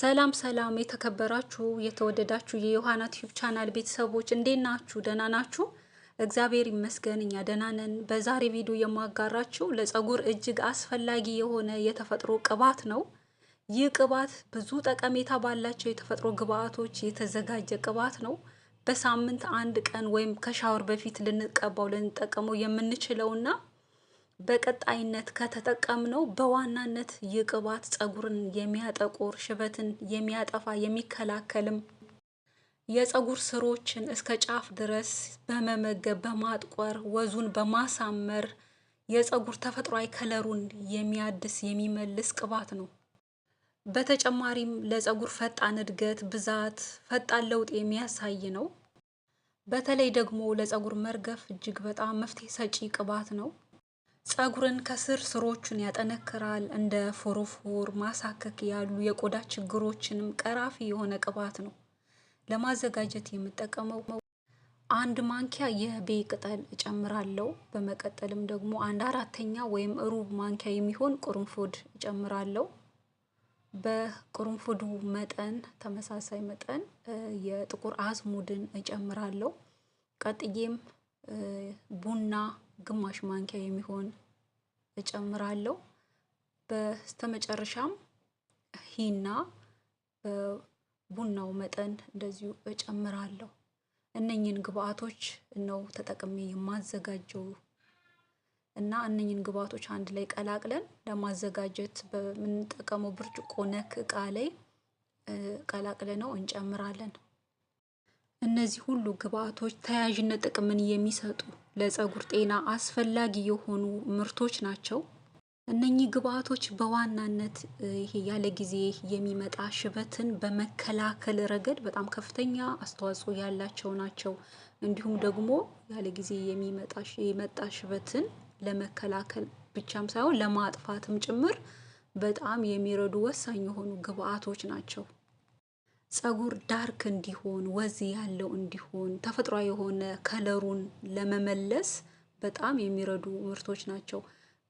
ሰላም ሰላም የተከበራችሁ የተወደዳችሁ የዮሐና ቲዩብ ቻናል ቤተሰቦች እንዴት ናችሁ? ደህና ናችሁ? እግዚአብሔር ይመስገን እኛ ደህና ነን። በዛሬ ቪዲዮ የማጋራችሁ ለፀጉር እጅግ አስፈላጊ የሆነ የተፈጥሮ ቅባት ነው። ይህ ቅባት ብዙ ጠቀሜታ ባላቸው የተፈጥሮ ግብአቶች የተዘጋጀ ቅባት ነው። በሳምንት አንድ ቀን ወይም ከሻወር በፊት ልንቀባው ልንጠቀመው የምንችለውና በቀጣይነት ከተጠቀምነው በዋናነት የቅባት ፀጉርን የሚያጠቁር ሽበትን የሚያጠፋ የሚከላከልም የፀጉር ስሮችን እስከ ጫፍ ድረስ በመመገብ በማጥቆር ወዙን በማሳመር የፀጉር ተፈጥሯዊ ከለሩን የሚያድስ የሚመልስ ቅባት ነው። በተጨማሪም ለፀጉር ፈጣን እድገት ብዛት ፈጣን ለውጥ የሚያሳይ ነው። በተለይ ደግሞ ለፀጉር መርገፍ እጅግ በጣም መፍትሄ ሰጪ ቅባት ነው። ፀጉርን ከስር ስሮቹን ያጠነክራል እንደ ፎሮፎር ማሳከክ ያሉ የቆዳ ችግሮችንም ቀራፊ የሆነ ቅባት ነው። ለማዘጋጀት የምጠቀመው አንድ ማንኪያ የቤ ቅጠል እጨምራለሁ። በመቀጠልም ደግሞ አንድ አራተኛ ወይም ሩብ ማንኪያ የሚሆን ቅርንፉድ እጨምራለሁ። በቅርንፉዱ መጠን ተመሳሳይ መጠን የጥቁር አዝሙድን እጨምራለሁ። ቀጥዬም ቡና ግማሽ ማንኪያ የሚሆን እጨምራለሁ። በስተመጨረሻም ሂና በቡናው መጠን እንደዚሁ እጨምራለሁ። እነኚህን ግብአቶች ነው ተጠቅሜ የማዘጋጀው። እና እነኝን ግብአቶች አንድ ላይ ቀላቅለን ለማዘጋጀት በምንጠቀመው ብርጭቆ ነክ እቃ ላይ ነው እንጨምራለን እነዚህ ሁሉ ግብአቶች ተያያዥነት ጥቅምን የሚሰጡ ለፀጉር ጤና አስፈላጊ የሆኑ ምርቶች ናቸው። እነኚህ ግብአቶች በዋናነት ይሄ ያለ ጊዜ የሚመጣ ሽበትን በመከላከል ረገድ በጣም ከፍተኛ አስተዋጽኦ ያላቸው ናቸው። እንዲሁም ደግሞ ያለ ጊዜ የመጣ ሽበትን ለመከላከል ብቻም ሳይሆን ለማጥፋትም ጭምር በጣም የሚረዱ ወሳኝ የሆኑ ግብአቶች ናቸው ፀጉር ዳርክ እንዲሆን ወዝ ያለው እንዲሆን ተፈጥሮ የሆነ ከለሩን ለመመለስ በጣም የሚረዱ ምርቶች ናቸው።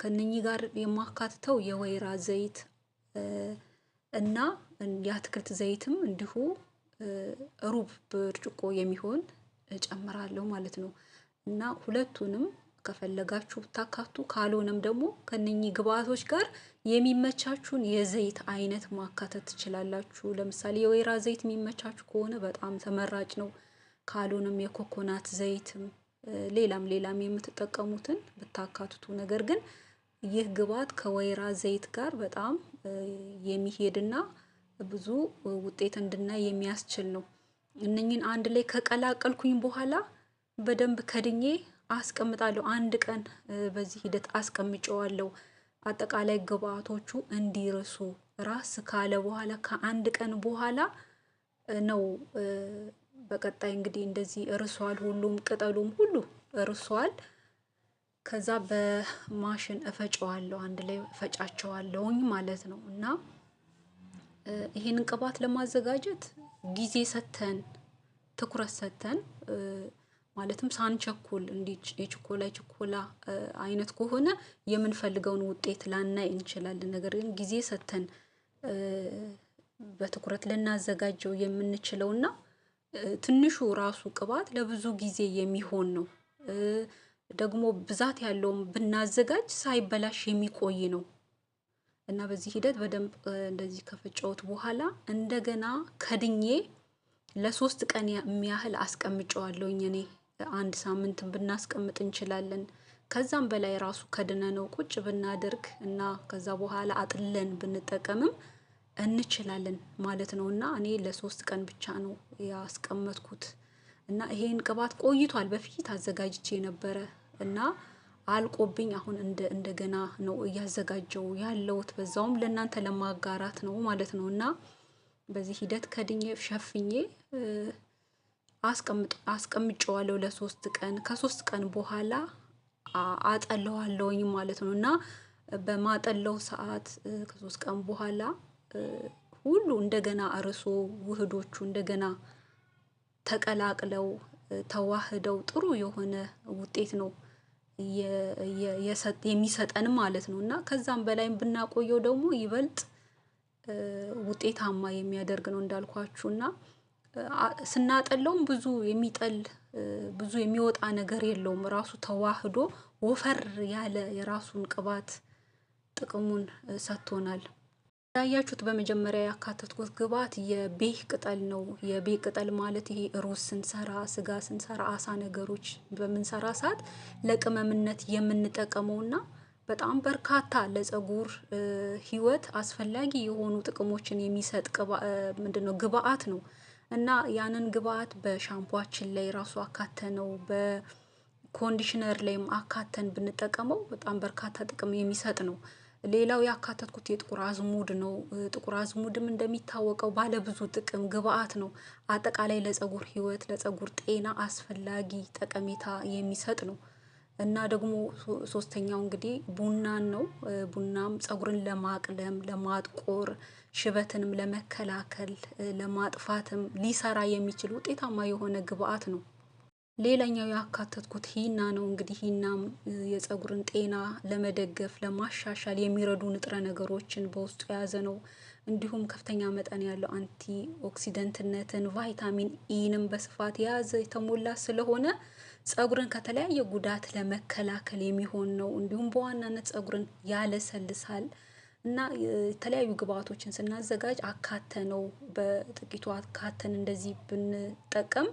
ከነኚህ ጋር የማካትተው የወይራ ዘይት እና የአትክልት ዘይትም እንዲሁ ሩብ ብርጭቆ የሚሆን እጨምራለሁ ማለት ነው። እና ሁለቱንም ከፈለጋችሁ ብታካቱ ካልሆነም ደግሞ ከነኚህ ግብአቶች ጋር የሚመቻችሁን የዘይት አይነት ማካተት ትችላላችሁ። ለምሳሌ የወይራ ዘይት የሚመቻችሁ ከሆነ በጣም ተመራጭ ነው። ካልሆነም የኮኮናት ዘይትም ሌላም ሌላም የምትጠቀሙትን ብታካትቱ፣ ነገር ግን ይህ ግብዓት ከወይራ ዘይት ጋር በጣም የሚሄድና ብዙ ውጤት እንድናይ የሚያስችል ነው። እነኝን አንድ ላይ ከቀላቀልኩኝ በኋላ በደንብ ከድኜ አስቀምጣለሁ። አንድ ቀን በዚህ ሂደት አስቀምጨዋለሁ። አጠቃላይ ግብአቶቹ እንዲርሱ ራስ ካለ በኋላ ከአንድ ቀን በኋላ ነው። በቀጣይ እንግዲህ እንደዚህ እርሷል፣ ሁሉም ቅጠሉም ሁሉ እርሷል። ከዛ በማሽን እፈጨዋለሁ አንድ ላይ እፈጫቸዋለሁኝ ማለት ነው። እና ይህንን ቅባት ለማዘጋጀት ጊዜ ሰተን ትኩረት ሰተን ማለትም ሳንቸኩል እንዲህ የችኮላ የችኮላ አይነት ከሆነ የምንፈልገውን ውጤት ላናይ እንችላለን። ነገር ግን ጊዜ ሰጥተን በትኩረት ልናዘጋጀው የምንችለው እና ትንሹ ራሱ ቅባት ለብዙ ጊዜ የሚሆን ነው። ደግሞ ብዛት ያለውም ብናዘጋጅ ሳይበላሽ የሚቆይ ነው። እና በዚህ ሂደት በደንብ እንደዚህ ከፈጨሁት በኋላ እንደገና ከድኜ ለሶስት ቀን የሚያህል አስቀምጨዋለሁኝ እኔ አንድ ሳምንት ብናስቀምጥ እንችላለን። ከዛም በላይ ራሱ ከድነነው ቁጭ ብናደርግ እና ከዛ በኋላ አጥለን ብንጠቀምም እንችላለን ማለት ነው። እና እኔ ለሶስት ቀን ብቻ ነው ያስቀመጥኩት። እና ይሄን ቅባት ቆይቷል በፊት አዘጋጅቼ ነበረ እና አልቆብኝ አሁን እንደ እንደገና ነው እያዘጋጀው ያለውት በዛውም ለእናንተ ለማጋራት ነው ማለት ነው። እና በዚህ ሂደት ከድኜ ሸፍኜ አስቀምጬዋለሁ ለሶስት ቀን ከሶስት ቀን በኋላ አጠለዋለውኝ ማለት ነው። እና በማጠለው ሰዓት ከሶስት ቀን በኋላ ሁሉ እንደገና እርሶ ውህዶቹ እንደገና ተቀላቅለው ተዋህደው ጥሩ የሆነ ውጤት ነው የሚሰጠን ማለት ነው። እና ከዛም በላይም ብናቆየው ደግሞ ይበልጥ ውጤታማ የሚያደርግ ነው። እንዳልኳችሁ እና ስናጠለውም ብዙ የሚጠል ብዙ የሚወጣ ነገር የለውም። ራሱ ተዋህዶ ወፈር ያለ የራሱን ቅባት ጥቅሙን ሰጥቶናል። ያያችሁት በመጀመሪያ ያካተትኩት ግብአት የቤህ ቅጠል ነው። የቤህ ቅጠል ማለት ይሄ ሩዝ ስንሰራ፣ ስጋ ስንሰራ፣ አሳ ነገሮች በምንሰራ ሰዓት ለቅመምነት የምንጠቀመውና በጣም በርካታ ለፀጉር ህይወት አስፈላጊ የሆኑ ጥቅሞችን የሚሰጥ ምንድን ነው ግብአት ነው። እና ያንን ግብአት በሻምፖችን ላይ ራሱ አካተነው በኮንዲሽነር ላይም አካተን ብንጠቀመው በጣም በርካታ ጥቅም የሚሰጥ ነው። ሌላው ያካተትኩት የጥቁር አዝሙድ ነው ጥቁር አዝሙድም እንደሚታወቀው ባለብዙ ጥቅም ግብአት ነው አጠቃላይ ለፀጉር ህይወት ለፀጉር ጤና አስፈላጊ ጠቀሜታ የሚሰጥ ነው እና ደግሞ ሶስተኛው እንግዲህ ቡናን ነው። ቡናም ፀጉርን ለማቅለም፣ ለማጥቆር፣ ሽበትንም ለመከላከል፣ ለማጥፋትም ሊሰራ የሚችል ውጤታማ የሆነ ግብአት ነው። ሌላኛው ያካተትኩት ሂና ነው። እንግዲህ ሂናም የፀጉርን ጤና ለመደገፍ፣ ለማሻሻል የሚረዱ ንጥረ ነገሮችን በውስጡ የያዘ ነው። እንዲሁም ከፍተኛ መጠን ያለው አንቲ ኦክሲደንትነትን ቫይታሚን ኢንም በስፋት የያዘ የተሞላ ስለሆነ ፀጉርን ከተለያየ ጉዳት ለመከላከል የሚሆን ነው። እንዲሁም በዋናነት ፀጉርን ያለሰልሳል። እና የተለያዩ ግብአቶችን ስናዘጋጅ አካተነው በጥቂቱ አካተን እንደዚህ ብንጠቀም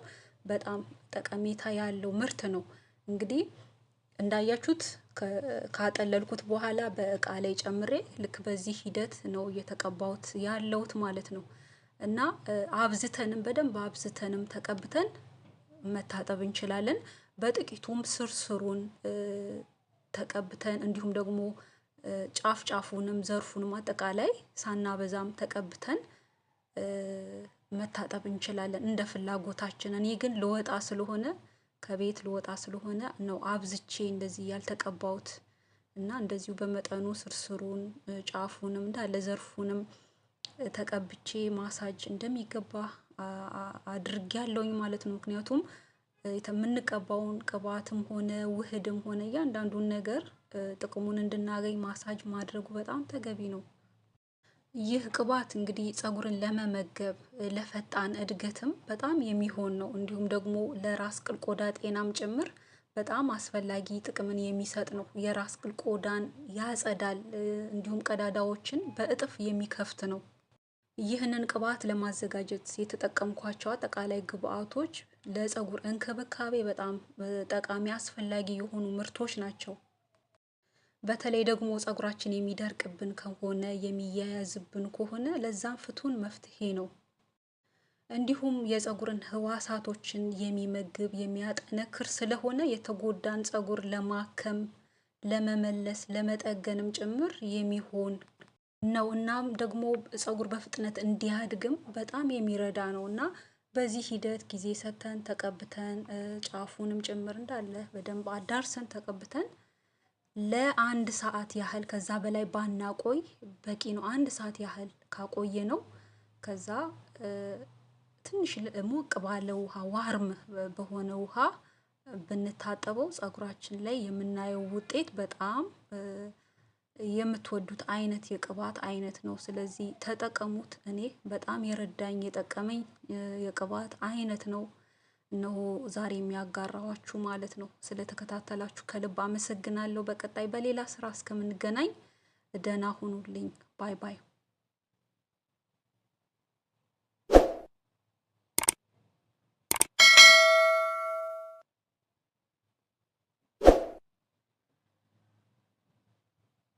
በጣም ጠቀሜታ ያለው ምርት ነው። እንግዲህ እንዳያችሁት ካጠለልኩት በኋላ በእቃ ላይ ጨምሬ ልክ በዚህ ሂደት ነው እየተቀባሁት ያለሁት ማለት ነው። እና አብዝተንም በደንብ አብዝተንም ተቀብተን መታጠብ እንችላለን። በጥቂቱም ስርስሩን ተቀብተን እንዲሁም ደግሞ ጫፍ ጫፉንም ዘርፉንም አጠቃላይ ሳናበዛም ተቀብተን መታጠብ እንችላለን። እንደ ፍላጎታችን እኔ ግን ልወጣ ስለሆነ ከቤት ልወጣ ስለሆነ ነው አብዝቼ እንደዚህ ያልተቀባውት እና እንደዚሁ በመጠኑ ስርስሩን ጫፉንም እንዳለ ዘርፉንም ተቀብቼ ማሳጅ እንደሚገባ ያለውኝ ማለት ነው። ምክንያቱም የምንቀባውን ቅባትም ሆነ ውህድም ሆነ እያንዳንዱን ነገር ጥቅሙን እንድናገኝ ማሳጅ ማድረጉ በጣም ተገቢ ነው። ይህ ቅባት እንግዲህ ፀጉርን ለመመገብ ለፈጣን እድገትም በጣም የሚሆን ነው እንዲሁም ደግሞ ለራስ ቅል ቆዳ ጤናም ጭምር በጣም አስፈላጊ ጥቅምን የሚሰጥ ነው። የራስ ቅል ቆዳን ያጸዳል እንዲሁም ቀዳዳዎችን በእጥፍ የሚከፍት ነው ይህንን ቅባት ለማዘጋጀት የተጠቀምኳቸው አጠቃላይ ግብአቶች ለፀጉር እንክብካቤ በጣም ጠቃሚ አስፈላጊ የሆኑ ምርቶች ናቸው። በተለይ ደግሞ ፀጉራችን የሚደርቅብን ከሆነ የሚያያዝብን ከሆነ ለዛም ፍቱን መፍትሄ ነው። እንዲሁም የፀጉርን ህዋሳቶችን የሚመግብ የሚያጠነክር ስለሆነ የተጎዳን ፀጉር ለማከም፣ ለመመለስ፣ ለመጠገንም ጭምር የሚሆን ነው። እናም ደግሞ ፀጉር በፍጥነት እንዲያድግም በጣም የሚረዳ ነው እና በዚህ ሂደት ጊዜ ሰጥተን ተቀብተን ጫፉንም ጭምር እንዳለ በደንብ አዳርሰን ተቀብተን ለአንድ ሰዓት ያህል ከዛ በላይ ባናቆይ በቂ ነው። አንድ ሰዓት ያህል ካቆየ ነው። ከዛ ትንሽ ሞቅ ባለ ውሃ ዋርም በሆነ ውሃ ብንታጠበው ፀጉራችን ላይ የምናየው ውጤት በጣም የምትወዱት አይነት የቅባት አይነት ነው ስለዚህ ተጠቀሙት እኔ በጣም የረዳኝ የጠቀመኝ የቅባት አይነት ነው። እነሆ ዛሬ ያጋራኋችሁ ማለት ነው ስለተከታተላችሁ ከልብ አመሰግናለሁ። በቀጣይ በሌላ ስራ እስከምንገናኝ ደህና ሁኑልኝ ባይ ባይ